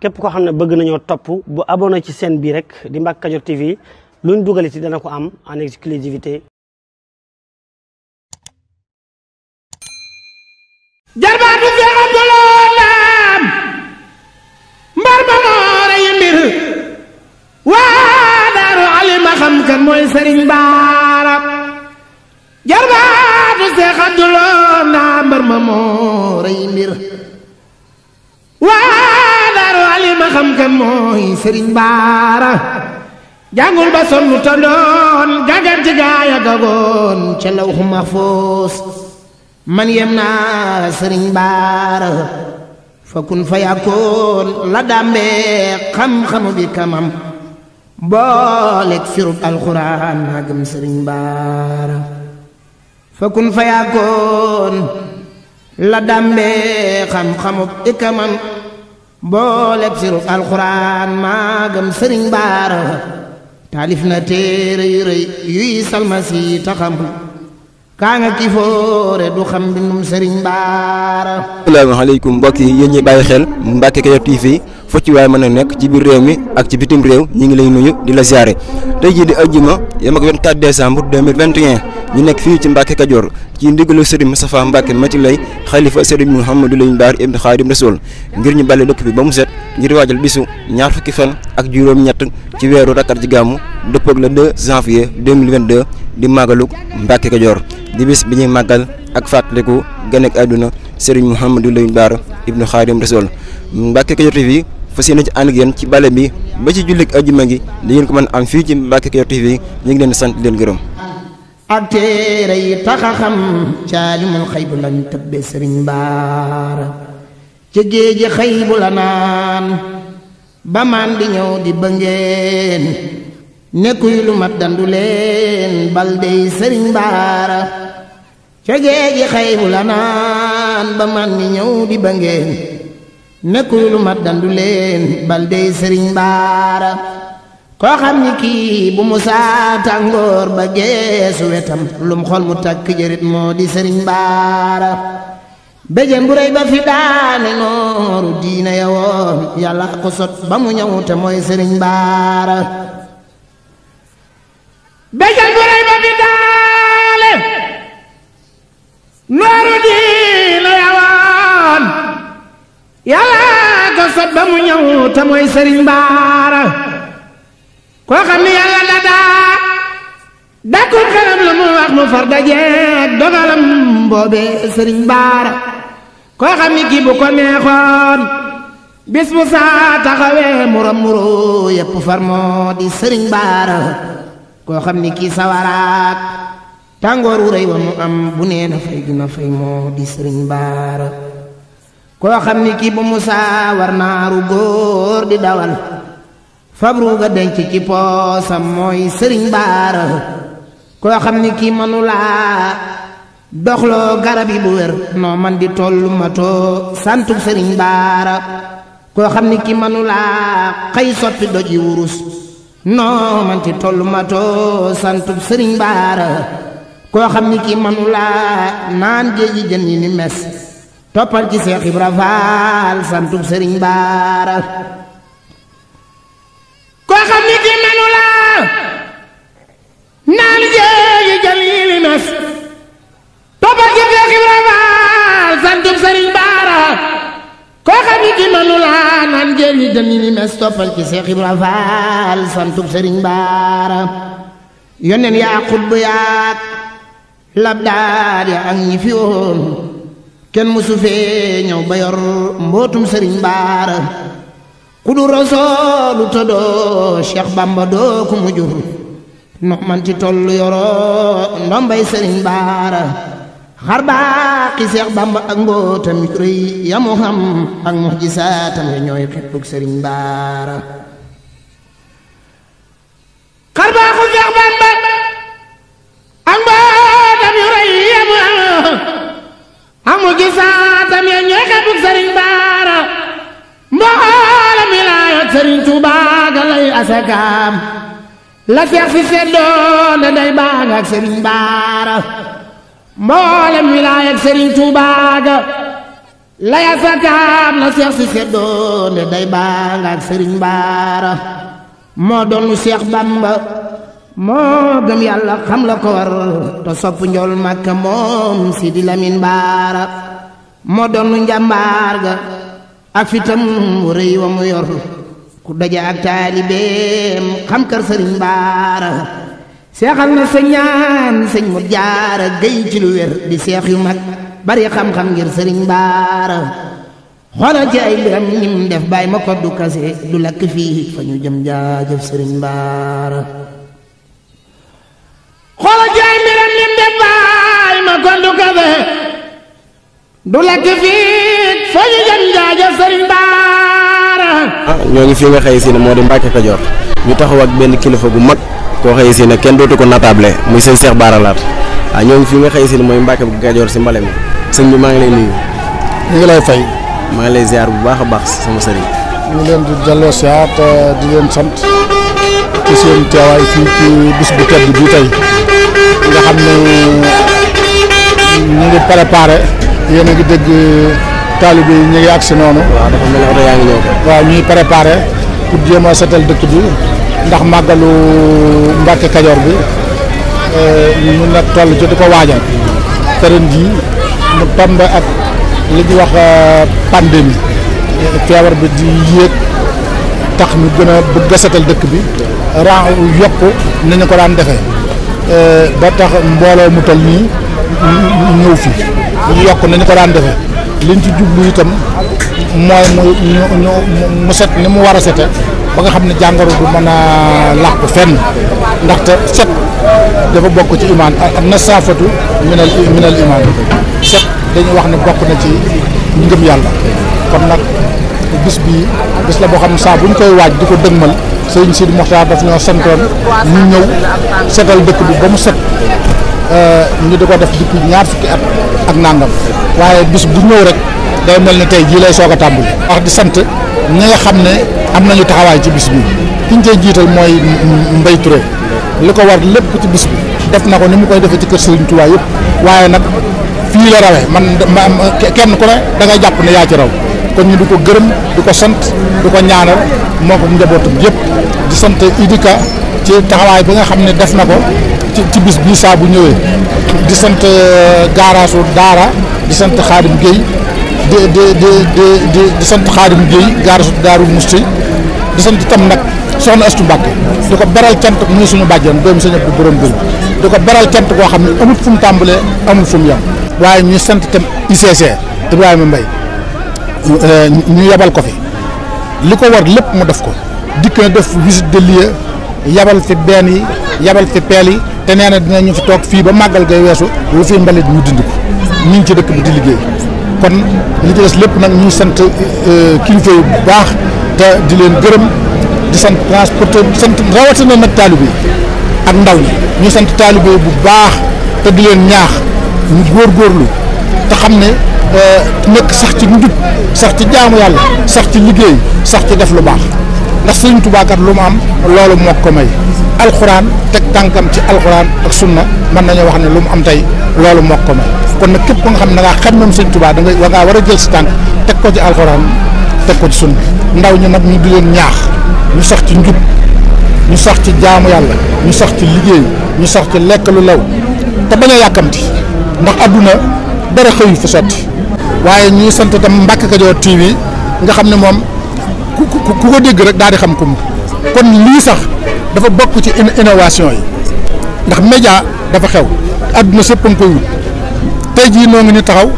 képp ko xamne bëgg nañu top bu abonné ci seen bi rek di mbak Kadior TV luñ duggal ci dana ko am en exclusivité du fi abdulalam mbar ba moore yi ya mbir waa daru alima xam kan mooy sëriñ baara jarbaatu seex abduloo na, mbar ma moore yi ya mbir li ma xam kan mooy sëriñ baara jàngul ba sonn ta doon gagar ci gaaya gagoon ca lawxu mahfuus man yem naa sëriñ baara fa la dàmbee xam-xamu bi kamam booleeg sirub alxuraan naa gëm sëriñ baara fa la dàmbee xam-xamu bi kamam mbooleb sirub alxuraan maagam sëriñ baara taalif na téere yu rëy yuy salmasi taxamul kaa nga ki foore du xam bindum sëriñ baara asalaamaaleykum mbokk yi yéen ñi bàyyi xel Mbacke Kadior TV fu ci waay mën a nekk ci biir réew mi ak ci bitim réew ñi ngi lay nuyu di la ziare tey jii di ajjuma yem ak 24 décembre 2021 ñu nekk fii ci Mbàkke Kajoor ci ndigalu Sëriñ Moustapha Mbàkke Mati Lay xalifa Sëriñ Mouhamadou Lamine Bara ibn Khadim Rasoul ngir ñu bale dëkk bi ba mu set ngir waajal bisu ñaar fukki fan ak juróom-ñett ci weeru rakkar ji gàmmu dëppoog le 2 janvier 2022 di màggalug Mbàkke Kajoor di bis bi ñuy màggal ak fàttaliku gane ak àdduna Sëriñ Mouhamadou Lamine Bara ibn Khadim Rasoul Mbàkke Kajoor TV fas yéene ci ànd ak yéen ci bale bi ba ci jullit ajjuma gi da ngeen ko mën am fii ci Mbàkke Kajoor TV ñu ngi leen sant leen gërëm ak téere yi taxa xam caalimul xaybu lañ tëbbe sëriñ baara ci géeji xaybu la naan ba maan di ñëw di bëngeen nekkuy lu mat dandu leen bal dey sëriñ baara ca géeji xaybu la naan ba di ñëw di bëngeen nekkuy lu mat dandu leen bal dey sëriñ baara ko xamni ki bu musa tangor ba geesu wetam lum xol mu tak jerit moo di sëriñ baara béjeen bu ba fi daane nooru diina ya woon yàlla ko sot ba mu ñëw te moy serigne baara beje bu ba fi daane nooru diina ya woon yàlla ko sot ba mu ñëw te moy serigne baara ko xamni yalla da da da ko xalam la mu wax mu far dajeeg dogalam bobé serigne bar ko xamni gi bu ko neexoon bis bu saa muram muru yep far mo di serigne bar ko xamni ki kii tangor tàngoor wa mu am bu ne na fay dina fay mo di serigne bar ko xamni ki bu musa war naaru gor di dawal fabru ga denc ci poosam mooy sëriñ baara koo xam ni kii manulaa doxloo garab yi bu wér noo man di tollu matoo santu sëriñ baara koo xam ni kii manulaa xëy soppi doji wurus noo man di tollu matoo santu sëriñ baara koo xam ni kii manulaa naan géeji jën yi ni mes toppal ci Seex Ibra Faal sëriñ baara koo xam ni ki manu laa naan jéegi jaliili nas toppal ci Seex Ibra Faal santub Sëriñ Baara koo xam ni manu laa naan jéegi jaliili nas toppal ci Seex Ibra Faal santub Sëriñ Baara yónneen yaa xutbu yaak labdaar ya ak ñi fi woon kenn musu fee ñëw ba mbootum Sëriñ Baara ku du rasoolu te doo Bamba doo ku mu jur no manti tollu yoroo ndombay sëriñ baara xar baaxi Bamba ak mbootam yu rëy yamu xam ak muxjisaatam ya ñooy xeppug sëriñ baara xar baaxu Bamba ak mbootam yu rëy yamu xam ak muxjisaatam ya ñooy xeppug sëriñ baara mboo sëriñ Tuubaa lay asakaam la seex si seddoo day baa nga sëriñ Baara mboolem wilaaya ak sëriñ Tuubaa lay asakaam la seex si seddoo day baa nga sëriñ Baara moo doonu Seex Bamba moo gëm yàlla xam la ko te sopp njool Makka moom Sidi Lamin Baara moo doonu njàmbaar ga ak fitam mu wa mu yor ku daje ak taalibeem xam kër sëriñ baara seexal na sa ñaan sëñ mu jaara géy ci lu wér di seex yu mag bari xam-xam ngir sëriñ baara xoolal ci ay mbiram ñim def bàyyi ma ko du kase du lakk fii fa ñu jëm jaajëf sëriñ baara sëriñ baara ñoo ngi fi nga xëy si ne moo di Mbacke Kajoor ñu taxawaat benn kilifa bu mag koo xëy si na kenn dootu ko natable muy seen Cheikh Bara Laat waaw ñoo ngi fi nga xëy si ne mooy Mbacke Kajoor si mbale mi sëñ bi maa ngi lay nuyu. ñu ngi lay fay. maa ngi lay ziar bu baax a baax sama sëriñ. ñu leen di delloo ziar te di leen sant ci seen teewaay fii ci bis bu tedd bi tey nga xam ne ñu ngi préparé yéen a ngi dégg. taalibe yi ñu ngi agsi noonu. waaw dafa mel ni oto ñuy préparé pour a setal dëkk bi ndax màggalu Mbàkke Kajoor bi ñu euh, nag toll ci di ko waajal te ren jii mu ak li euh, pandémie feebar bi di yéeg tax ñu gën a bëgg a setal dëkk bi ren yokk nañu ko daan defee euh, ba tax mbooloo mu toll nii ñëw fi ñu yokk nañu ko daan defe liñ ci jublu itam mooy mu ñu mu set ni mu war a sete ba nga xam ne jàngaro du mën a làq fenn ndaxte set dafa bokk ci imaan ak na saafatu minal minal imaan set dañu wax ne bokk na ci ngëm yàlla kon nag bis bii bis la boo xam saa bu ñu koy waaj di ko dëgmal sëriñ Sidi Moxtaar daf ñoo santoon ñu ñëw setal dëkk bi ba mu set euh, ñu di ko def depuis ñaar fukki at ak nangam waaye bis bu ñëw rek day mel na tey jii lay soog a tàmbali. wax di sant ñi nga xam ne am nañu taxawaay ci bis bi ki ñu cay jiital mooy Mbaye Touré li ko war lépp ci bis bi def na ko ni mu koy defee ci kër Serigne Touba yëpp waaye nag fii la rawee man kenn ku da ngay jàpp ne yaa ci raw kon ñu di ko gërëm di ko sant di ko ñaanal moo ko njabootum yëpp di sant Idika ci taxawaay bi nga xam ne def na ko ci bis bii saa bu ñëwee di sant euh, gaaraasu daara. di sant Xaadim Guèye di di di di sant Xaadim Guèye gaar Daaru Musti di sant tam nag soxna Astu Mbàkke di ko beral cant muy suñu bàjjan doomu sëñ Abdu borom gën di ko beral cent koo xam ne amul fu mu tàmbalee amul fu waaye ñu sant tam ICC Ibrahima mbay euh, ñu yabal ko fi li ko war lépp mu def ko dikk na def visite de lieu yabal fi benn yi yabal fi peel yi te nee dina ñu fi toog fii ba màggal gay weesu lu fi mbalit mu dindi ko ñu ngi ci dëkk bi di liggéey kon li ci des lépp nag ñuy sant euh, kilifa yu baax te di leen gërëm di sant transporteur di sant rawatina nag taalibe yi ak ndaw ñi ñuy sant taalibe yi bu baax te di leen ñaax ñu góorgóorlu te xam ne euh, nekk sax ci njub sax ci jaamu yàlla sax ci liggéey sax ci def lu baax ndax Sëriñ Tuubaa kat lu mu am loolu moo ko may. alxuraan teg tànkam ci alxuraan ak sunna mën nañoo wax ne lu mu am tey loolu mokk ko kon nag képp ko nga xam ne da ngaa xam moom sëñ Tuubaa da nga war a jël si tànk teg ko ci alxuraan teg ko ci sunna ndaw ñu nag ñu di leen ñaax ñu sax ci njub ñu sax ci jaamu yàlla ñu sax ci liggéey ñu sax ci lekk lu law te bañ yàkkamti ndax àdduna dara xëyu fi sotti waaye ñuy sant tam Mbacke Kadior TV nga xam ne moom ku ku ko dégg rek daal di xam ko mu kon lii sax. dafa bokk ci innovation yi ndax média dafa xew àdduna sëpp koy wut tey jii noo ngi ni taxaw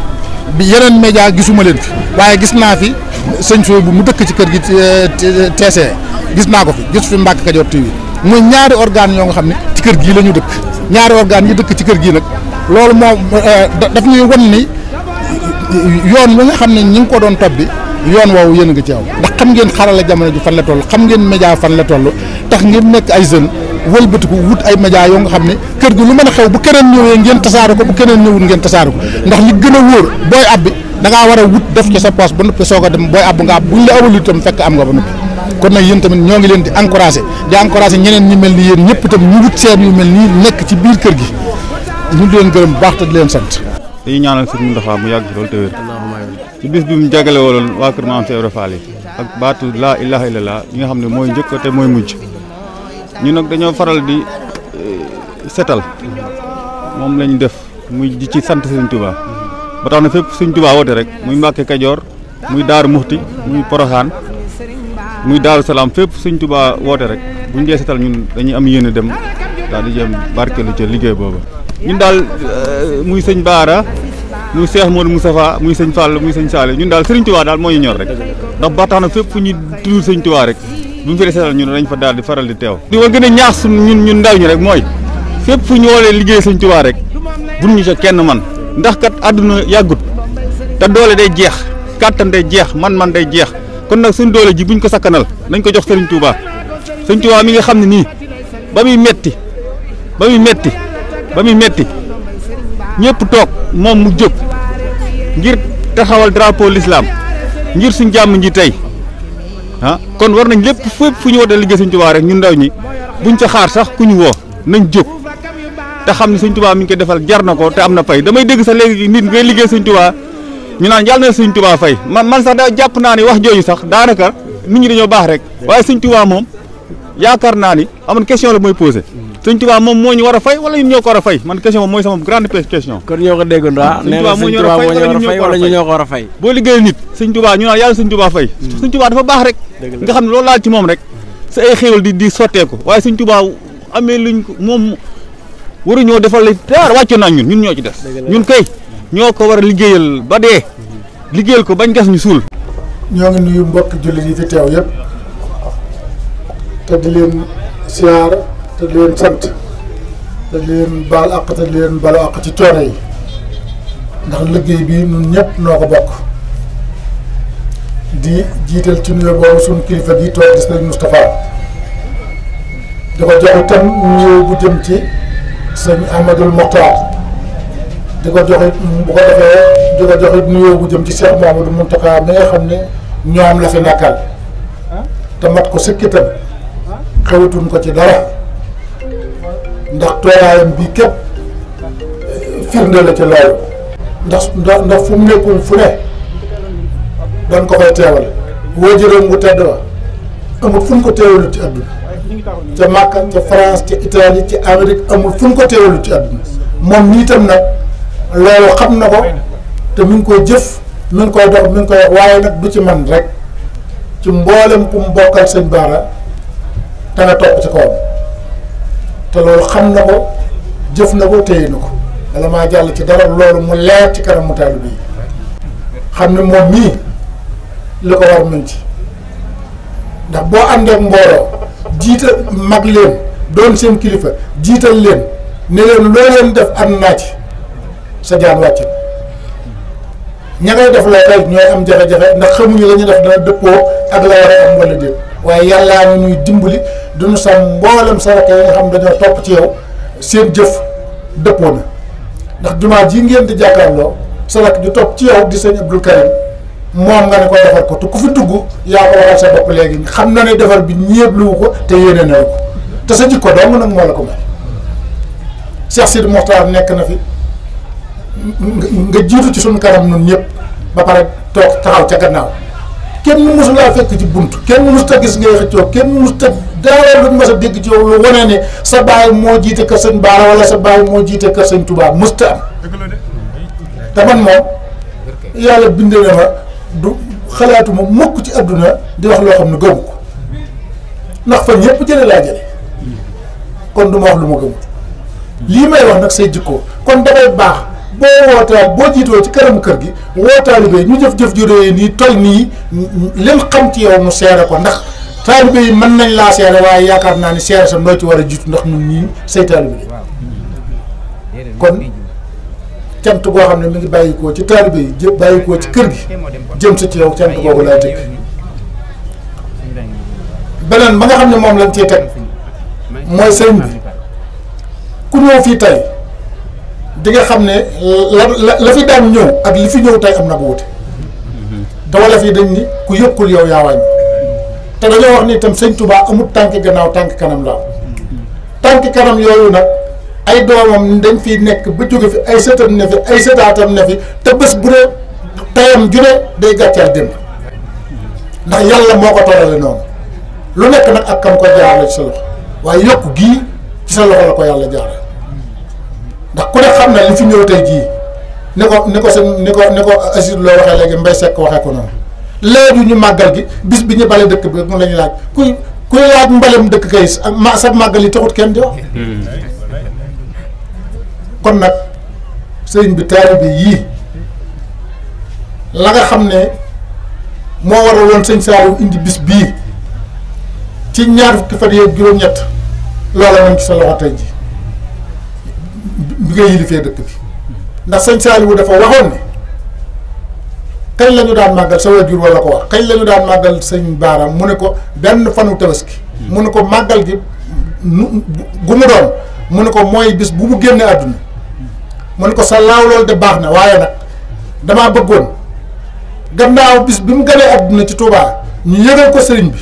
bi yeneen média gisuma leen fi waaye gis naa fi sëñ Sow bu mu dëkk ci kër gi euh, teese gis naa ko fi gis fi Mbacke Kadior TV muy ñaari organes yoo nga xam ne ci kër gii lañu dëkk ñaari organes yi dëkk ci kër gi nag loolu moom euh, daf ñuy won ni yoon wi nga xam ne ñu ngi ko doon topp bi yoon woowu yéen a ngi ci aw ndax xam ngeen xarala jamono ji fan la toll xam ngeen média fan la toll tax ngeen nekk ay jeunes wëlbatiku wut ay média yoo nga xam ne kër gi lu mën a xew bu keneen ñëwee ngeen tasaare ko bu keneen ñëwul ngeen tasaare ko ndax li gën a wóor booy abbi da war a wut def ci sa poche ba noppi soog a dem booy abbu nga ab buñ la tamit ñoo ngi leen di encouragé di encouragé ñeneen ñu mel ni yéen ñëpp itam ñu wut seen yu mel nii nekk ci biir baax te leen sant dañuy ñaanal sëñ Mountakha yàgg si loolu te wér ci bis bi mu nga xam ne mooy njëkk te mooy mujj ñu nag dañoo faral di eh, setal moom lañ def muy di ci sant Sëriñ Tuubaa ba tax na fépp Sëriñ Tuubaa woote rek muy Mbàkke Kajoor muy Daaru Muxti muy Poroxaan muy Daaru Salaam fépp Sëriñ Tuubaa woote rek buñ dee setal ñun dañuy am yéene dem daal di jëm barkeelu ca liggéey boobu ñun daal eh, muy sëñ Baara muy Cheikh Modou Moustapha muy sëñ Fall muy sëñ Saliou ñun daal Sëriñ Tuubaa daal moo ñu ñor rek ndax ba tax na fépp fu ñuy tudd Sëriñ Tuubaa rek bu mu fi seetal ñun dañ fa daal di faral di teew. di ko gën a ñaax suñ ñun ñun ndaw ñi rek mooy fépp fu ñu woolee liggéey sëñ Tuubaa rek buñ ñu ca kenn man ndax kat àdduna yàggut te doole day jeex kàttan day jeex man-man day jeex kon nag suñ doole ji buñ ko sakkanal nañ ko jox sëriñ Tuubaa sëñ Tuubaa mi nga xam ne nii ba muy metti ba muy metti ba muy metti ñëpp toog moom mu jóg ngir taxawal drapeau lislaam ngir suñ jàmm ji tey ah kon war nañ lépp fu fu ñu wootee liggéey Sëñ Tuubaa rek ñun ndaw ñi buñ ca xaar sax ku ñu woo nañ jóg te xam ne Sëñ Tuubaa mu ñu koy defal jar na ko te am na fay damay dégg sax léegi nit ngay liggéey Sëñ Tuubaa ñu naan yàlla na Sëñ Tuubaa fay man man sax daa jàpp naa ni wax jooju sax daanaka nit ñi dañoo baax rek waaye Sëñ Tuubaa moom yaakaar naa ni amoon question la mooy posé Sëñ Tuubaa moom moo ñu war a fay wala ñun ñoo ko war a fay man question mooy sama grande question. kon ñoo ko déggoon ah. moo ñu war a fay ko war a fay. boo liggéeyee nit Sëñ Tuubaa ñu naan yàlla Sëñ Tuubaa fay. Mm. Sëñ Tuubaa dafa baax rek. nga xam ne loolu laal ci moom rek. Mm. sa ay xéewal di di sotteeku waaye Sëñ Tuubaa amee luñ ko moom waruñoo defal la dara naa ñun ñun ñoo ci des. ñun kay ñoo ko war a liggéeyal ba dee. Mm. liggéeyal ko bañ gas ñu suul. ñoo ngi nuyu mbokk jullit yi fi teew yëpp te di te di leen sant te di leen baal àq te leen balu àq ci coono yi ndax liggéey bi ñun ñépp noo ko bokk di jiital ci nuyoo boobu suñu kilifa gi toog di sëriñ Moustapha di ko jox itam bu jëm ci sëñ Ahmadul Mokhtar di ko jox it bu ko defee di ko jox it nuyoo bu jëm ci Cheikh Mouhamadou nga xam ne ñoom la fi nekkal ah? te ko sëkkitam ah? xewatuñ ko ci dara. ndax tooyaayam bi képp eh, firnde la ci loolu ndax ndax fu mu nekkul fu ne dañ ko fay teewal woo jërëm bu tedd wa amul fu ñu ko teewalu ci àdduna ca Màkka ca France ca Italie ci Amérique amul fu ñu ko teewalu ci àdduna moom nii tam nag loolu xam na ko te mi ngi koy jëf mi ngi koy dox mi koy waaye nag du ci man rek ci mboolem pour mu bokkal sëñ Baara te nga topp ci kawam te loolu xam na ko jëf na ko téye na ko bala maa jàll ci dara loolu mu leer ci kanam mu bi yi xam ne moom mii li ko war mën ci ndax boo am ak mbooloo jiita mag leen doon seen kilifa jiital leen ne leen loo leen def am naa ci sa jaan wàcce ña def loo kay ñooy am jafe-jafe ndax xamuñu la ñu def dana dëppoo ak la war a am wala déet waye yalla ñu ñuy dimbali duñu sa mbolam sa rek nga xam dañu top ci yow seen jëf dëppoo ndax jumaa ji ngeen di sa rek di top ci yow di sëñ Abdul Karim mom nga ne ko defal ko te ku fi dugg ya ko waxal sa bop legi xam na ne defal bi ñeebluwu ko te yene na ko te sa jikko dong nag mo la ko may Cheikh Sidi Moxtaar nek na fi nga jitu ci suñu karam ñun ñëpp ba pare tok taxaw ca gannaaw kenn mësu laa fekk ci bunt kenn mësu ta gis ngay xëccoo kenn mësu ta daara luñ mës a dégg ci yow lu wane ne sa baay moo jiite kër sëñ Baara wala sa baay moo jiite kër sëñ Touba mës ta am te man moom yàlla bind na ma du xalaatuma mukk ci àdduna di wax loo xam ne gëmu ko ndax fan ñëpp jële laa jële kon du wax lu ma gëmut lii may wax nag say jikko kon dafay baax boo wootaa boo jiitoo ci këram kër gi woo taalibe yi ñu jëf-jëf ju nii tol nii lim xam ci yow mu seere ko ndax taalibe yi mën nañ laa seere waaye yaakaar naa ni seere sa noo ci war a jiitu ndax ñun ñii say taalibe yi kon cant goo xam ne mi ngi bàyyikoo ci taalibe yi jë bàyyikoo ci kër gi jëm si ci yow cant googu laa tëgg beneen ba nga xam ne moom lañ cee teg mooy sëñ bi ku ñëw fii tey di nga xam ne la la fi daan ñëw ak li fi ñëw tey am na bu wute dawala fi dañ ni ku yëkkul yow yaa wàññi te dañoo wax ni itam sëñ Touba amul tànk gannaaw tànk kanam la tànk kanam yooyu nag ay doomam dañ fi nekk ba jóge fi ay ay sëtaatam ne fi te bés bu dee tayam june day gàccal démb ndax yàlla moo ko torale noonu lu nekk nag ak kam ko jaarale ci sa loxo waaye yokk gii ci sa loxo la ko yàlla jaarale ndax ku ne xam na li fi ñëw tey jii ne ko ni ko seen ni ko ni ko Assire loo waxee léegi Mbay Sekk waxee ko noonu léegi ñu màggal gi bis bi ñu bale dëkk bi moom la ñuy laaj kuy kuy laaj mbalem dëkk kay ma sa màggal yi taxut kenn di wax kon nag sëriñ bi taalibe yii la xam ne moo waraloon sëñ Saalum indi bis bii ci ñaar fukki fan yeeg juróom-ñett loola nañ ci sa loxo tey ji bi ngay yilifee dëkk bi ndax sëñ Saaliwu dafa waxoon ne kañ la ñu daan màggal sa waajur wala ko wax kañ la daan màggal sëñ baaraam mu ne ko benn fanu tabaski mu ne ko màggal gi nu mu doon mu ne ko mooy bis bu mu génne àdduna mu ne ko sa laaw loolu de baax na waaye nag damaa bëggoon gannaaw bis bi mu gënee àdduna ci tuubaa ñu yëgal ko sëriñ bi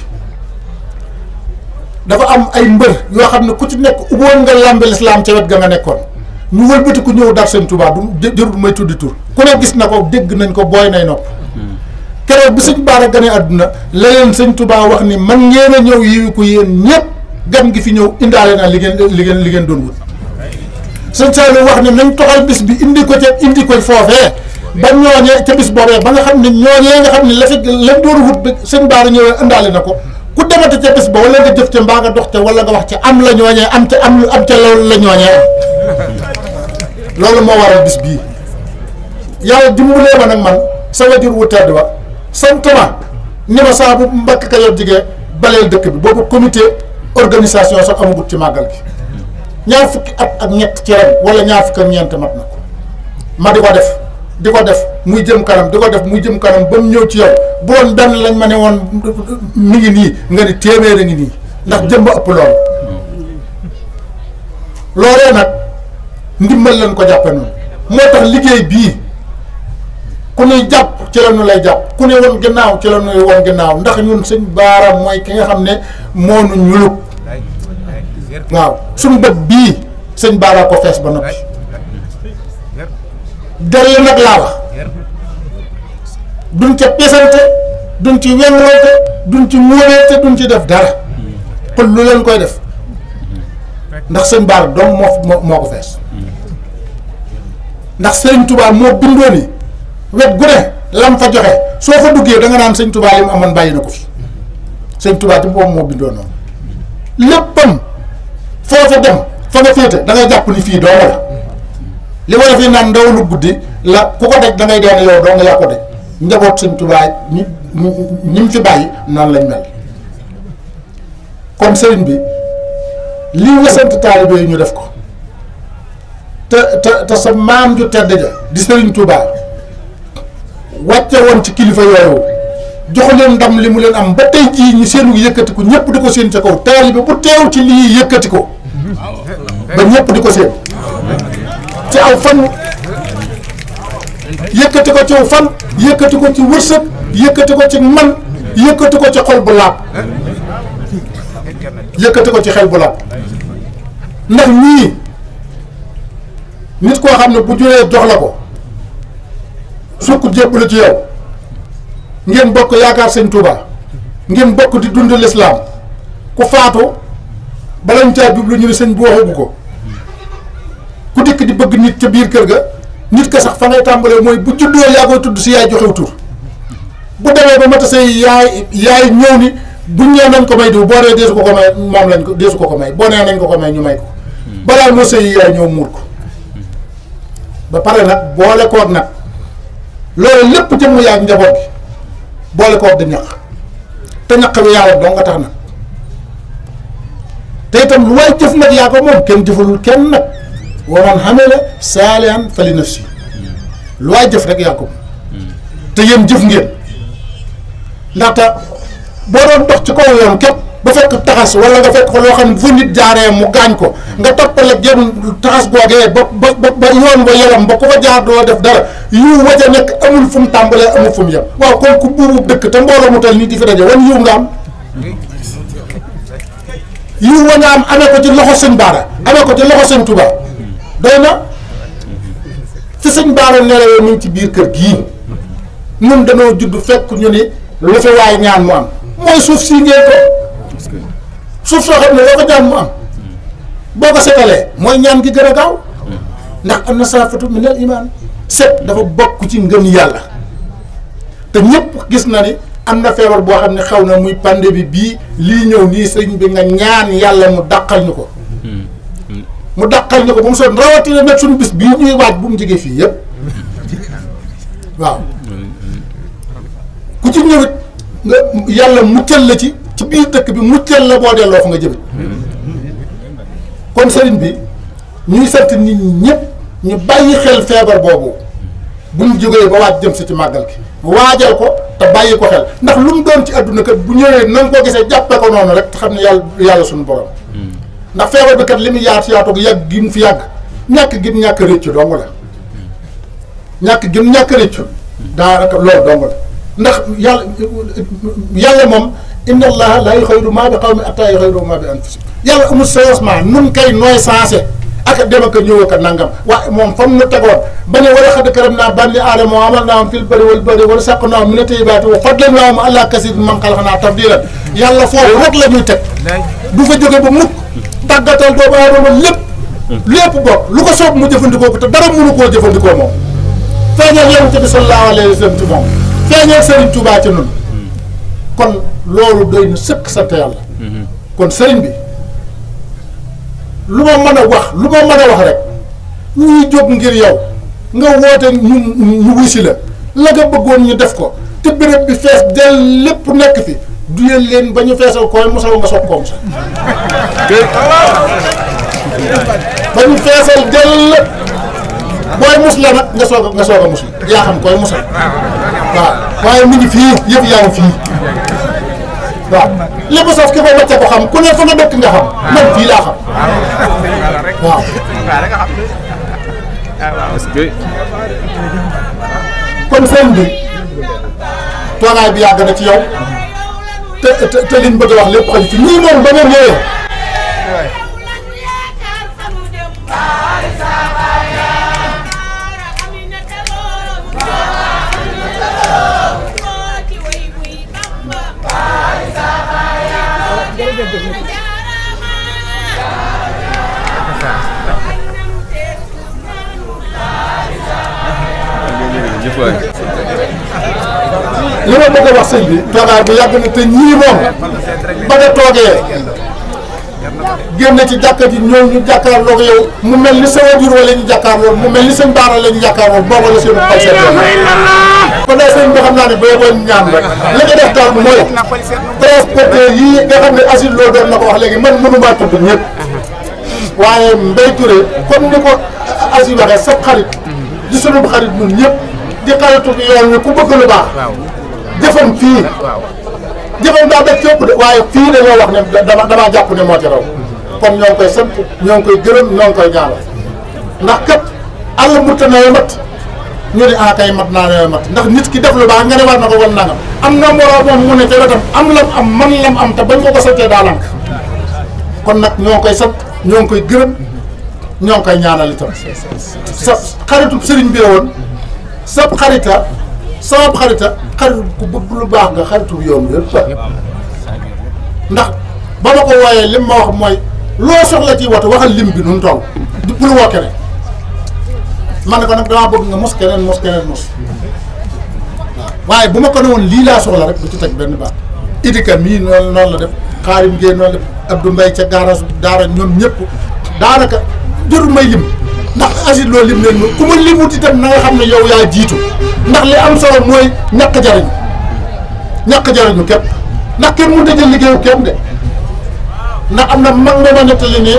dafa am ay mbër yoo xam ne ku ci nekk ubboon nga làmbi lislaam ca wet ga nga nekkoon ñu wëlbati ku ñëw dar sëñ Tuubaa du jërul may tuddi tur ku ne gis na ko dégg nañ ko booy nay nopp keroog bi sëñ Baara gane àdduna la leen sëñ Tuubaa wax ni man ngeen a ñëw yiwi ko yéen ñëpp gan gi fi ñëw indaale naa li ngeen li ngeen li ngeen doon wut sëñ Saliou wax ne nañ toxal bis bi indi ko ca indi ko foofee ba ñooñee ca bis boobee ba nga xam ne ñooñee nga xam ne la fi lan doon wut bi sëñ Baara ñëwee indaale na ko ku demati ca bis ba wala nga jëf ca mbaa nga dox ca wala nga wax ca am la ñooñee am ca am am ca loolu la ñooñee am loolu moo waral bis bii yàlla dimbalee ma nag man sama jur wu tedd wa sant ma ni ma saa bu mbakk ka yor jigéen baleel dëkk bi boobu comité organisation sax amagut ci màggal gi ñaar fukk at ak ñett ci ren wala ñaar fukk ak ñeent mat na ma di ko def diko def muy jëm kanam diko def muy jëm kanam bam ñew ci yow bu won benn lañ mané won mi ngi ni nga ni téeméer a ngi ni ndax jëm ba upp lool loolee nak ndimbal lañ ko jappé non motax liggéey bi ku ñuy japp ci lañu lay japp ku ñu won ginnaaw ci lañu won woon ndax ñun sëñ baara moy ki nga xamné ne ñu nu waaw suñu bëb bi sëñ baara ko fess ba nopi dell nag laa wax duñ ca pesante duñ ci wengoote duñ ci muurante duñ ci def dara xul lu leen koy def ndax sëñ baar doom moo moo ko fees ndax sëñ Touba moo bindoo ni wet gu ne lam fa joxe soo fa duggee da nga naan sëñ Touba li mu amoon bàyyi na ko fi sëñ Touba ci moom moo bindoo noonu léppam foo dem fa nga féete da jàpp ni fii doomu la li wolof yi naan ndaw lu guddi la ku ko daj da ngay dee yow doo nga yaa ko daj njaboot Sëñ Tuubaa ñi ñi fi bàyyi naan lañ mel kon sëriñ bi li nga sant taalibe yi ñu def ko te te te sa maam ju tedd ja di sëriñ Tuubaa wàcce woon ci kilifa yooyu jox leen ndam li mu leen am ba tey jii ñu seenu yëkkati ko ñëpp di ko seen ca kaw taalibe bu teew ci lii yëkkati ko ba ñëpp di ko seen ci aw fan yëkkati ko ci aw fan yëkkati ko ci wërsëg yëkkati ko ci man yëkkati ko ci xol bu laab yëkkati ko ci xel bu laab ndax ñii nit koo xam ne bu juree jox la ko sukk jébbalu ci yow ngeen bokk yaakaar sëñ Touba ngeen bokk di dund lislaam ku faatu balañ caa jublu ñu ne sëñ bi waxagu ko ku dikk di bëgg nit ca biir kër ga nit ko sax fa ngay tàmbalee mooy bu juddoo yaa koy tudd si yaay joxew tur bu demee ba mata say yaay yaay ñëw ni bu ñëw nañ ko may diw boo dee deesu ko ko may moom lañ ko deesu ko ko may boo nee nañ ko ko may ñu may ko hmm. balaa moo sëy yaay ñëw muur ko ba pare nag boole koog nag loolu lépp jëmm yaa njaboot gi boole koog di ñaq te ñaq wi yàlla doo nga tax nag te itam lu waay jëf nag yaa ko moom kenn jëfalul kenn nag waman xamila saalihan fali nafsi lu waay jëf rek yaa ko te yéen jëf ngeen ndaxte boo doon dox ci kaw yoon képp ba fekk taxas wala nga fekk ko loo xam mu gaañ ko nga toppale taxas googee ba ba ba yoon ba ko jaar def dara yiw waja nekk amul fu mu tàmbalee amul fu mu yem waaw kon ku buubu dëkk te mbooloo mu tal nii di fi daje wan yiw nga am yiw wa nga am amee ko ci loxo sëñ baara amee ko ci loxo sëñ tuba doy na fi sëñ Baara nelawee mu ci biir kër gii mun dañoo juddu fekk ñu ni lu fi waay ñaan mu am mooy suuf sii ngeen ko suuf soo xam ne loo ko ñaan mu am boo ko setalee mooy ñaan gi gën a gaaw ndax am na saafatu min al iman set dafa bokk ci ngëm yàlla te ñëpp gis na ni am na feebar boo xam ne xew na muy pandémie bi bii lii ñëw nii sëñ bi nga ñaan yàlla mu dàqal ñu ko mu dàqal ñu ko ba mu soog rawatina nag suñu bis bii ñuy waaj bu mu jege fii yëpp waaw ku ci ñëwit nga yàlla muccal la ci ci biir dëkk bi muccal la boo delloo fa nga jëmit kon sëriñ bi ñuy sant nit ñi ñëpp ñu bàyyi xel feebar boobu bu ñu jógee ba waaj jëm si ci màggal gi waajal ko te bàyyi ko xel ndax lu mu doon ci àdduna kat bu ñëwee nan ko gisee jàppee ko noonu rek te xam ne yàlla yàlla suñu borom. ndax feebar bi kat li muy yaatu yaatu yàgg gi mu fi yàgg ñàkk gi mu ñàkk rëccu dong la ñàkk gi mu ñàkk rëccu daanaka loolu dong la ndax yàlla yàlla moom inna allaha la yuxayyiru maa bi qawmin hattaa yuxayyiru maa bi anfusihim yàlla amul changement nun kay nooy sensé ak dem ak ñëw ak nangam waaye moom fam nu tegoon ba ne wala xad karam naa bànni aadama wa amal naam fil bëri wal bëri wala sàq naam mina tayyibaati wa fadlan naam ala kasir man xalaq naa tafdilan yàlla foofu rek la ñuy teg du fa jóge ba mukk tàggatal doomu aadama lépp. Mm. lépp bopp lu ko soob mu jëfandikoo ko te dara mënu koo jëfandikoo moom. feeñal yonent bi sallallahu alayhi wa sallam ci moom. feeñal Serigne Touba ci nun mm. kon loolu doy na sëkk sant yàlla. Mm-hmm. kon sëriñ bi lu ma mën a wax lu ma mën a wax rek ñuy jóg ngir yow nga woote ñu ñu wuy la la nga bëggoon ñu def ko te béréb bi fees del lépp nekk fi. duyal leen ba feesal kooy mosal nga soog a nga soog a mus yaa xam koy musal waaw waaye mu ngi fii yëpp yaa ngi fii waaw li mu saf ki ko wàcce ko xam ku ne fa nga dëkk nga xam man fii laa xam waaw kon seen bi toogaay bi yàgg na ci yow te te te liñ bëgg a wax lépp xaj ci ñii moom ba ngeen ñëwee. jërëjëf waay. li ma bëgg a wax sëñ bi travail bu yàgg na te ñii moom ba nga toogee génn ci jàkka ji ñoom ñu jàkkaarloog yow mu mel ni sa wajur wala ñu jàkkaarloog mu mel ni seen baara la ñu jàkkaarloog booba la seen xol seen kon nag naa ne boo boo ñaan rek li nga def daal mooy transporteur yii nga xam ne asile loo doon na ko wax léegi man mënumaa tudd ñëpp waaye Mbaye Touré comme ni ko asile waxee sa xarit di sunu xarit ñun ñëpp di xaritu yoon wi ku bëgg lu baax jëfam fii jëfam daa def fépp de waaye fii dañoo wax ne dama damaa jàpp ne moo ci raw kon ñoo ngi koy sant ñoo ngi koy gërëm ñoo koy ñaanal ndax kat àll mutta ñu ne ah kay mat naa nawe ndax nit ki def lu baax nga ne war na am na moroom moom mu ne te wetam am lam am man lam te bañ ko ko santee kon nag ñoo koy sant ñoo ngi koy gërëm ñoo ngi koy ñaanal itam sa xaritu sëriñ bi la woon sa xarita sama xarita xaritu ku bëgg lu baax nga xaritu bu yomb ndax ba ma ko wooyee lim ma wax mooy loo soxla ci woto waxal lim bi nun toll di bul woo keneen man ne ko nag damaa bëgg nga mos keneen mos keneen waaye bu ma ko ne woon lii laa soxla rek du ci teg benn baax idika mii noonu noonu la def xaarim ngeen noonu la def Abdou Mbaye ca gaara daara ñoom ñëpp daanaka jëru may lim ndax agit loolu lim leen ku ma limut itam na nga xam ne yow yaa jiitu ndax li am solo mooy ñàkk jariñu ñàkk jariñu képp ndax kenn mënut a jël liggéeyu kenn de ndax am na mag ma ma nettali ne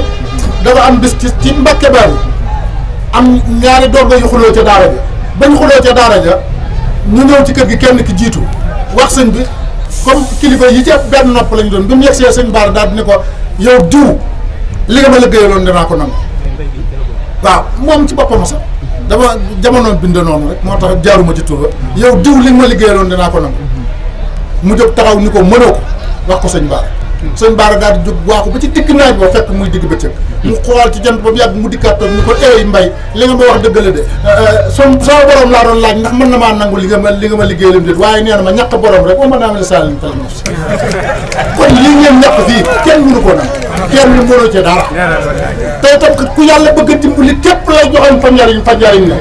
dafa am bis ci ci Mbàkke Bari am ñaari dongo yu xuloo ca daara ja bañ xuloo ca daara ja ñu ñëw ci kër gi kenn ki jiitu wax sëñ bi comme kilifa yi ci benn nopp lañu doon bi mu yegsee sëñ Bara daal di ne ko yow diw li nga ma liggéeyaloon dinaa ko nangu waaw moom ci boppam sax dama jamono bind noonu rek moo tax jaaruma ci tuuba yow diw li ma liggéeyaloon dinaa ko nangu mu jóg taxaw ni ko mënoo ko wax ko sëñ Bara sëñ Baara daal di jóg waaxu ba ci digg naaj boo fekk muy digg bëccëg mu xool ci jant boobu yàgg mu dikkaat toog ni ko eey mbay li nga ma wax dëgg la de son sama borom laa doon laaj ndax mën na maa nangu li nga ma li nga ma waaye nee na ma ñàkk borom rek ama a ma la saalin falmos kon lii ngeen ñàkk fii kenn mënu ko nangu kenn mënu ci dara tey tam ku yàlla bëgg a dimbali képp lay joxoon fanjaariñ fanjaariñ la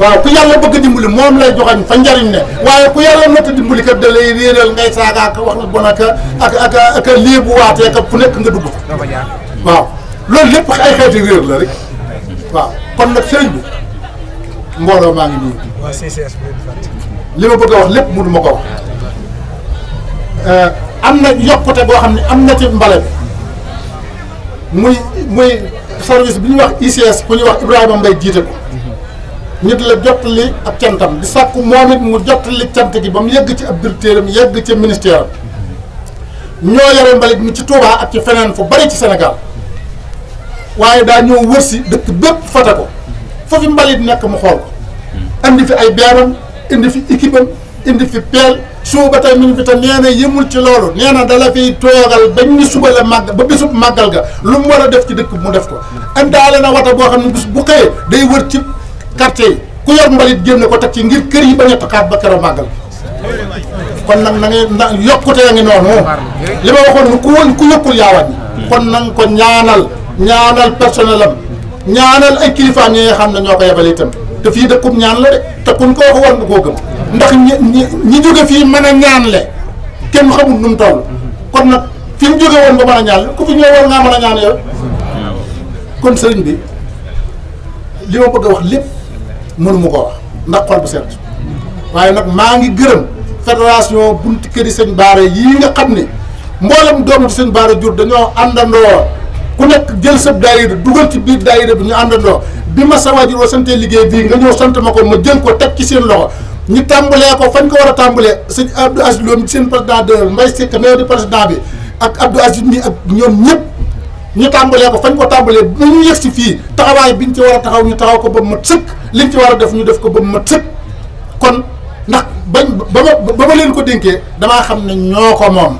waaw ku yàlla bëgg dimbali moom lay joxañ fa njariñ ne waaye ku yàlla natt dimbali kat da lay réeral ngay saaga ak wax lu bon ak ak ak ak lii bu waatee kat fu nekk nga dugg fa waaw loolu lépp ay xeeti réer la rek waaw kon nag sëriñ bi mbooloo maa ngi nii li ma bëgg a wax lépp mënu ma ko wax euh, am na yokkute boo xam ne am na ci mbale bi muy muy service bi ñu wax ICS ku ñuy wax Ibrahima Mbaye jiite ko nit la jottali ab cantam di sàkku moom it mu jottali cant gi ba mu yegg ci ab directeur am yegg ci ministère am ñoo yore mbalit mi ci Touba ak ci feneen fu bari ci Sénégal waaye daa ñëw wër si dëkk bépp fata ko foofu mbalit nekk mu xool ko indi fi ay beeram indi fi équipe indi fi peel suba ba tey mi ngi fi nee na yëmul ci loolu nee na dala fiy toogal bañ ni suba la màgg ba bisub màggal ga lu mu war a def ci dëkk mu def ko indaale na wata boo xam ne bu xëyee day quartier yi ku yor mbalit génne ko teg ci ngir kër yi bañ a taxaat ba keroog màggal kon nag na na yokkute a ngi noonu li ma waxoon ku woon ku yokkul yaawaat kon nang ko ñaanal ñaanal personnel am ñaanal ay kilifaam ñi xam ne ñoo ko yebale itam te fii dëkkub ñaan la de te kun koo ko war nga koo gëm ndax ñi ñi jóge fii mën a ñaanle kenn xamul nu mu toll kon nag fi mu woon nga mën a ñaan yow kon sëriñ bi li ma bëgg a wax lépp mënuma ko wax ndax xol bu set waaye nag maa ngi gërëm fédération bunti këri sëñ Baara yii nga xam ne mboolam doomu seen baare jur dañoo àndandoo ku nekk jël sab daayira dugal ci biir daayira bi ñu àndandoo bi ma sa waajur wa santee liggéey bii nga ñëw sant ma ko ma jël ko teg ci seen loxo ñu tàmbalee ko fañ ko war a tàmbalee si Abdou Aziz Lo mi seen président de Mbaye Seck di président bi ak Abdou Aziz mi ak ñoom ñëpp. ñu tàmbalee ko fañ ko tàmbalee ba ñu yëg si fii taxawaay biñ ci war a taxaw ñu taxaw ko ba mu mat sëkk liñ ci war a def ñu def ko ba mu mat sëkk kon ndax bañ ba ma ba ma leen ko dénkee damaa xam ne ñoo ko moom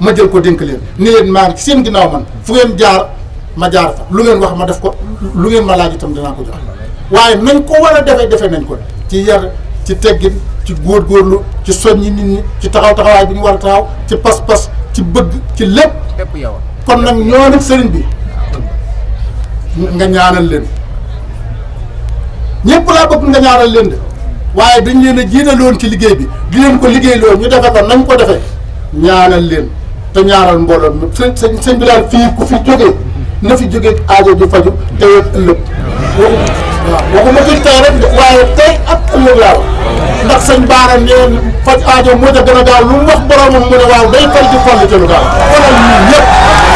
ma jël ko dénk leen ni maa seen ginnaaw man fu ngeen jaar ma lu ngeen wax ma def ko lu ngeen ma itam dinaa ko jox waaye nañ ko war a defee defee nañ ko ci yar ci teggin ci góorgóorlu ci soññi nit ñi ci taxaw taxawaay bi ñu war a taxaw ci pas-pas ci bëgg ci lépp. lépp yow kon nag ñoo nag sëriñ bi nga ñaanal leen ñëpp laa bëgg nga ñaanal leen de waaye dañ leen a jiitaloon ci liggéey bi di leen ko liggéey loon ñu defe ko nañ ko defee ñaanal leen te ñaanal mbooloo mi sëñ sëñ bi daal fii ku fi jógee na fi jógee aajo ju faju tey ak ëllëg waaw waxuma ci tey rek waaye tey ak ëllëg laa ndax sëñ Baara faj aajo moo ca gën a gaaw lu mu wax boromam mu waaw day fay ci fàll ca gaaw xoolal ñun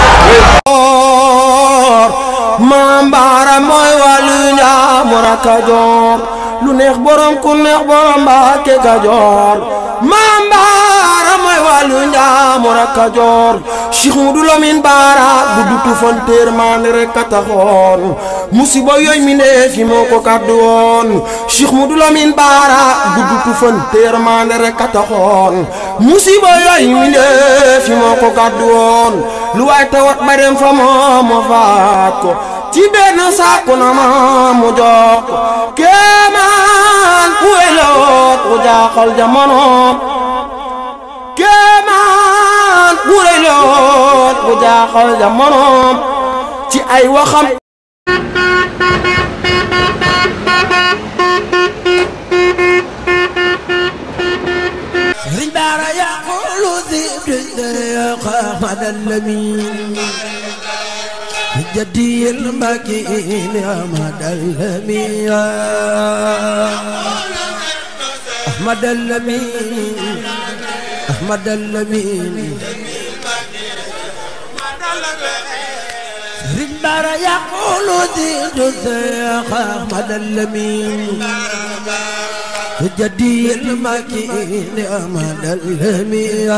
maam baara mooy wàllu ñaamur ak Kajoor lu neex borom ku neex borom Mbàkke Kajoor njaamu rek a joor Cheikh Modou Lamine Bara guddu tufanteer maane rek a taxoon musiba yooy mi ndee fi moo ko kàddu woon Cheikh Modou Lamine Bara guddu tufanteer maane rek a taxoon musiba yooy mi ndee fi moo ko kàddu woon lu waay tawat ba fa moom moo faat ko ci benn sàkku na ma mu jox ko kéemaan ku eloot ku jaaxal jamono كمان بوليلوت بداخل زمنهم تي اي وخم ربارة يا حلو يا خامد اللمين جدي المكين يا مدى اللمين احمد اللمين مدى اللمين رجبار يقول ذي جزيخ مدى اللمين جدي المكين مدى اللمين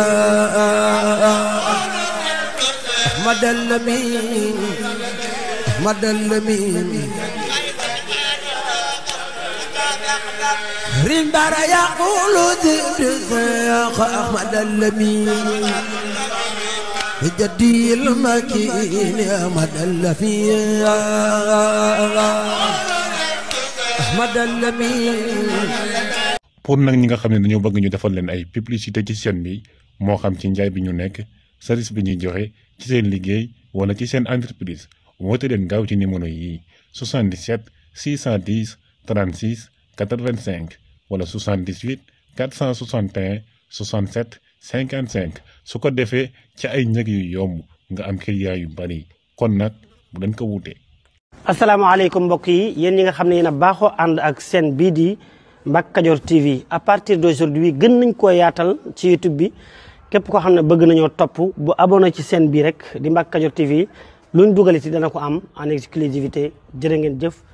مدى اللمين مدى اللمين Serigne Bara yaqulu saya ke Ahmad al-Lamin jadi al-makin Ahmad al-Lamin Ahmad al-Lamin pour nak ñi nga xam ne dañoo bëgg ñu defal leen ay publicité ci seen bi mo xam ci njaay bi ñu nekk service bi ñuy joxe ci seen liggéey wala ci seen entreprise woote leen gaaw ci numéro yi 77 610 36 85 wala 78 461 67 55 su ko defee ci ay njëg yu yomb nga am client yu bari kon nag bu dañ ko wuute. asalaamaaleykum mbokk yi yéen yi nga xam ne yi a baaxoo ànd ak seen bii di Mbacke Kadior TV à partir d'aujourd'hui gën nañ koo yaatal ci YouTube bi képp koo xam ne bëgg nañoo topp bu abonné ci seen bii rek di Mbacke Kadior TV luñ dugal ci dana ko am en exclusivité jërë ngeen jëf.